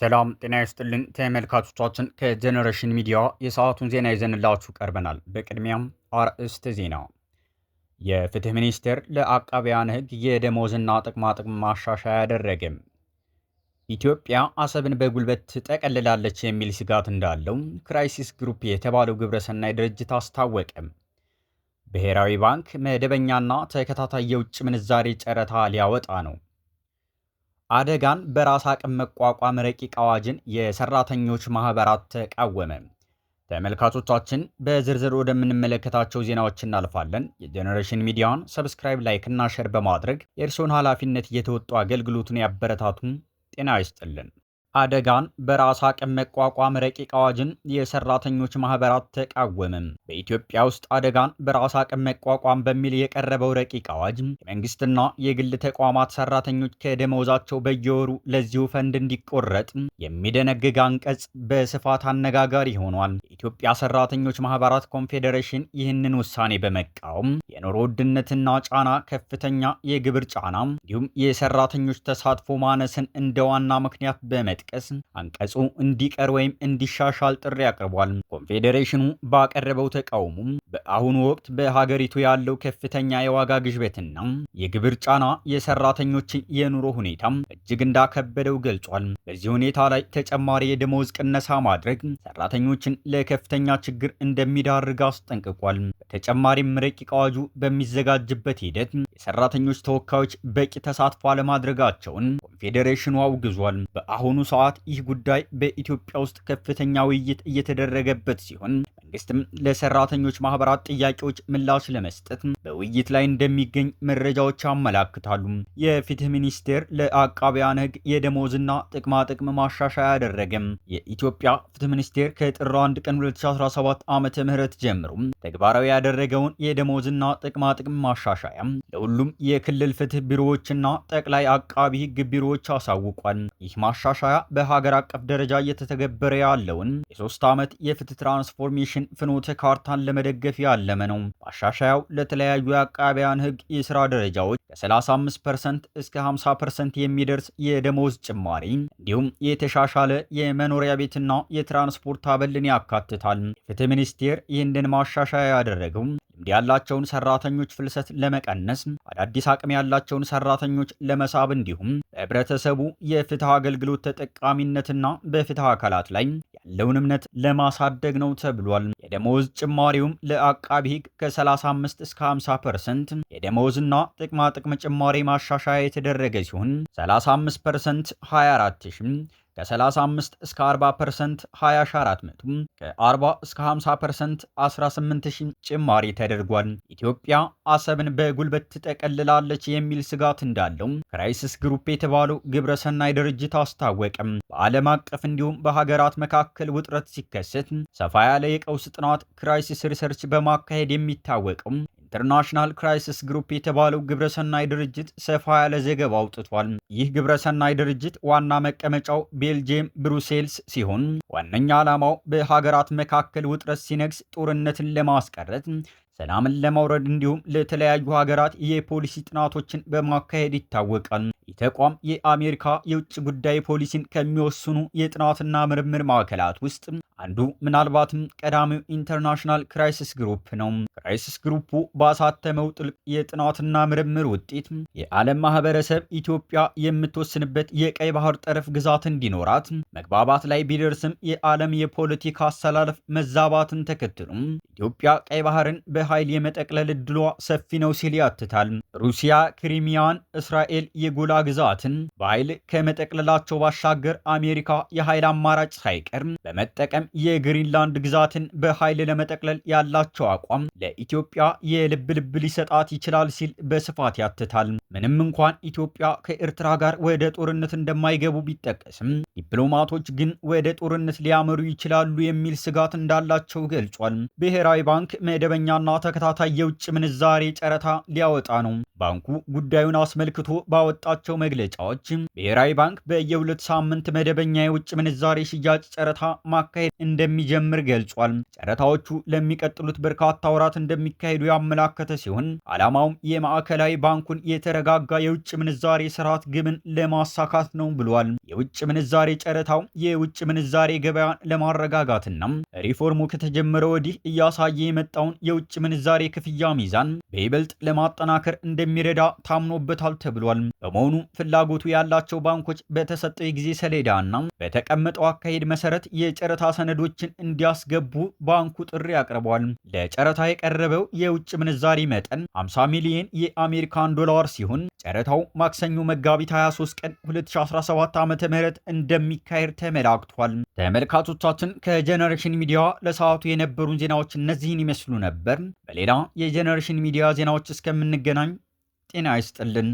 ሰላም ጤና ይስጥልን ተመልካቾቻችን፣ ከጀኔሬሽን ሚዲያ የሰዓቱን ዜና ይዘንላችሁ ቀርበናል። በቅድሚያም አርዕስተ ዜና። የፍትህ ሚኒስቴር ለአቃቢያን ህግ የደሞዝና ጥቅማጥቅም ማሻሻያ አደረገም። ኢትዮጵያ አሰብን በጉልበት ትጠቀልላለች የሚል ስጋት እንዳለው ክራይሲስ ግሩፕ የተባለው ግብረሰናይ ድርጅት አስታወቀም። ብሔራዊ ባንክ መደበኛና ተከታታይ የውጭ ምንዛሬ ጨረታ ሊያወጣ ነው። አደጋን በራስ አቅም መቋቋም ረቂቅ አዋጅን የሰራተኞች ማህበራት ተቃወመ። ተመልካቾቻችን በዝርዝር ወደምንመለከታቸው ዜናዎች እናልፋለን። የጀኔሬሽን ሚዲያን ሰብስክራይብ፣ ላይክ እና ሸር በማድረግ የእርስዎን ኃላፊነት እየተወጡ አገልግሎቱን ያበረታቱን። ጤና ይስጥልን። አደጋን በራስ አቅም መቋቋም ረቂቅ አዋጅን የሰራተኞች ማህበራት ተቃወምም በኢትዮጵያ ውስጥ አደጋን በራስ አቅም መቋቋም በሚል የቀረበው ረቂቅ አዋጅ የመንግስትና የግል ተቋማት ሰራተኞች ከደመወዛቸው በየወሩ ለዚሁ ፈንድ እንዲቆረጥ የሚደነግግ አንቀጽ በስፋት አነጋጋሪ ሆኗል። የኢትዮጵያ ሰራተኞች ማህበራት ኮንፌዴሬሽን ይህንን ውሳኔ በመቃወም የኑሮ ውድነትና ጫና፣ ከፍተኛ የግብር ጫና እንዲሁም የሰራተኞች ተሳትፎ ማነስን እንደ ዋና ምክንያት በመ በመጥቀስ አንቀጹ እንዲቀር ወይም እንዲሻሻል ጥሪ አቅርቧል። ኮንፌዴሬሽኑ ባቀረበው ተቃውሞም በአሁኑ ወቅት በሀገሪቱ ያለው ከፍተኛ የዋጋ ግሽበትና የግብር ጫና የሰራተኞችን የኑሮ ሁኔታ እጅግ እንዳከበደው ገልጿል። በዚህ ሁኔታ ላይ ተጨማሪ የደሞዝ ቅነሳ ማድረግ ሰራተኞችን ለከፍተኛ ችግር እንደሚዳርግ አስጠንቅቋል። በተጨማሪም ረቂቅ አዋጁ በሚዘጋጅበት ሂደት የሰራተኞች ተወካዮች በቂ ተሳትፎ አለማድረጋቸውን ፌዴሬሽኑ አውግዟል። በአሁኑ ሰዓት ይህ ጉዳይ በኢትዮጵያ ውስጥ ከፍተኛ ውይይት እየተደረገበት ሲሆን መንግስትም ለሰራተኞች ማህበራት ጥያቄዎች ምላሽ ለመስጠት በውይይት ላይ እንደሚገኝ መረጃዎች ያመላክታሉ። የፍትህ ሚኒስቴር ለአቃቢያን ህግ የደሞዝና ጥቅማ ጥቅም ማሻሻያ አደረገም። የኢትዮጵያ ፍትህ ሚኒስቴር ከጥር 1 ቀን 2017 ዓመተ ምህረት ጀምሮ ተግባራዊ ያደረገውን የደሞዝና ጥቅማ ጥቅም ማሻሻያ ለሁሉም የክልል ፍትህ ቢሮዎችና ጠቅላይ አቃቢ ህግ ቢሮዎች አሳውቋል። ይህ ማሻሻያ በሀገር አቀፍ ደረጃ እየተተገበረ ያለውን የሶስት ዓመት የፍትህ ትራንስፎርሜሽን የሀገራችን ፍኖተ ካርታን ለመደገፍ ያለመ ነው። ማሻሻያው ለተለያዩ የአቃቢያን ህግ የስራ ደረጃዎች ከ35 ፐርሰንት እስከ 50 ፐርሰንት የሚደርስ የደሞዝ ጭማሪ እንዲሁም የተሻሻለ የመኖሪያ ቤትና የትራንስፖርት አበልን ያካትታል። የፍትህ ሚኒስቴር ይህንን ማሻሻያ ያደረገው ልምድ ያላቸውን ሰራተኞች ፍልሰት ለመቀነስ አዳዲስ አቅም ያላቸውን ሰራተኞች ለመሳብ እንዲሁም በህብረተሰቡ የፍትህ አገልግሎት ተጠቃሚነትና በፍትህ አካላት ላይ ያለውን እምነት ለማሳደግ ነው ተብሏል። የደሞዝ ጭማሪውም ለአቃቢ ህግ ከ35 እስከ 50 ፐርሰንት የደሞዝና ጥቅማጥቅም ጭማሪ ማሻሻያ የተደረገ ሲሆን 35 ፐርሰንት 24 ሺህ ከ35 እስከ 40 ፐርሰንት 204 መቱም ከ40 እስከ 50 ፐርሰንት 18 ጭማሪ ተደርጓል። ኢትዮጵያ አሰብን በጉልበት ትጠቀልላለች የሚል ስጋት እንዳለው ክራይሲስ ግሩፕ የተባለው ግብረሰናይ ድርጅት አስታወቀም። በዓለም አቀፍ እንዲሁም በሀገራት መካከል ውጥረት ሲከሰት ሰፋ ያለ የቀውስ ጥናት ክራይሲስ ሪሰርች በማካሄድ የሚታወቀው ኢንተርናሽናል ክራይሲስ ግሩፕ የተባለው ግብረሰናይ ድርጅት ሰፋ ያለ ዘገባ አውጥቷል። ይህ ግብረሰናይ ድርጅት ዋና መቀመጫው ቤልጅየም ብሩሴልስ ሲሆን ዋነኛ ዓላማው በሀገራት መካከል ውጥረት ሲነግስ ጦርነትን ለማስቀረት ሰላምን ለማውረድ እንዲሁም ለተለያዩ ሀገራት የፖሊሲ ጥናቶችን በማካሄድ ይታወቃል። ይህ ተቋም የአሜሪካ የውጭ ጉዳይ ፖሊሲን ከሚወስኑ የጥናትና ምርምር ማዕከላት ውስጥ አንዱ ምናልባትም ቀዳሚው ኢንተርናሽናል ክራይሲስ ግሩፕ ነው። ክራይሲስ ግሩፑ ባሳተመው ጥልቅ የጥናትና ምርምር ውጤት የዓለም ማህበረሰብ ኢትዮጵያ የምትወስንበት የቀይ ባህር ጠረፍ ግዛት እንዲኖራት መግባባት ላይ ቢደርስም የዓለም የፖለቲካ አሰላለፍ መዛባትን ተከትሎም ኢትዮጵያ ቀይ ባህርን በኃይል የመጠቅለል እድሏ ሰፊ ነው ሲል ያትታል። ሩሲያ ክሪሚያን፣ እስራኤል የጎላ ግዛትን በኃይል ከመጠቅለላቸው ባሻገር አሜሪካ የኃይል አማራጭ ሳይቀር በመጠቀም የግሪንላንድ ግዛትን በኃይል ለመጠቅለል ያላቸው አቋም ለኢትዮጵያ የልብ ልብ ሊሰጣት ይችላል ሲል በስፋት ያትታል። ምንም እንኳን ኢትዮጵያ ከኤርትራ ጋር ወደ ጦርነት እንደማይገቡ ቢጠቀስም ዲፕሎማቶች ግን ወደ ጦርነት ሊያመሩ ይችላሉ የሚል ስጋት እንዳላቸው ገልጿል። ብሔራዊ ባንክ መደበኛና ተከታታይ የውጭ ምንዛሬ ጨረታ ሊያወጣ ነው። ባንኩ ጉዳዩን አስመልክቶ ባወጣቸው መግለጫዎች ብሔራዊ ባንክ በየሁለት ሳምንት መደበኛ የውጭ ምንዛሬ ሽያጭ ጨረታ ማካሄድ እንደሚጀምር ገልጿል። ጨረታዎቹ ለሚቀጥሉት በርካታ ወራት እንደሚካሄዱ ያመላከተ ሲሆን ዓላማውም የማዕከላዊ ባንኩን የተረጋጋ የውጭ ምንዛሬ ስርዓት ግብን ለማሳካት ነው ብሏል። የውጭ ምንዛሬ ጨረታው የውጭ ምንዛሬ ገበያን ለማረጋጋትና ሪፎርሙ ከተጀመረ ወዲህ እያሳየ የመጣውን የውጭ ምንዛሬ ክፍያ ሚዛን በይበልጥ ለማጠናከር እንደሚ እንደሚረዳ ታምኖበታል ተብሏል። በመሆኑ ፍላጎቱ ያላቸው ባንኮች በተሰጠው የጊዜ ሰሌዳ እና በተቀመጠው አካሄድ መሰረት የጨረታ ሰነዶችን እንዲያስገቡ ባንኩ ጥሪ አቅርቧል። ለጨረታ የቀረበው የውጭ ምንዛሪ መጠን 50 ሚሊዮን የአሜሪካን ዶላር ሲሆን ጨረታው ማክሰኞ መጋቢት 23 ቀን 2017 ዓ.ም እንደሚካሄድ ተመላክቷል። ተመልካቾቻችን ከጀነሬሽን ሚዲያ ለሰዓቱ የነበሩን ዜናዎች እነዚህን ይመስሉ ነበር። በሌላ የጀነሬሽን ሚዲያ ዜናዎች እስከምንገናኝ ጤና ይስጥልን።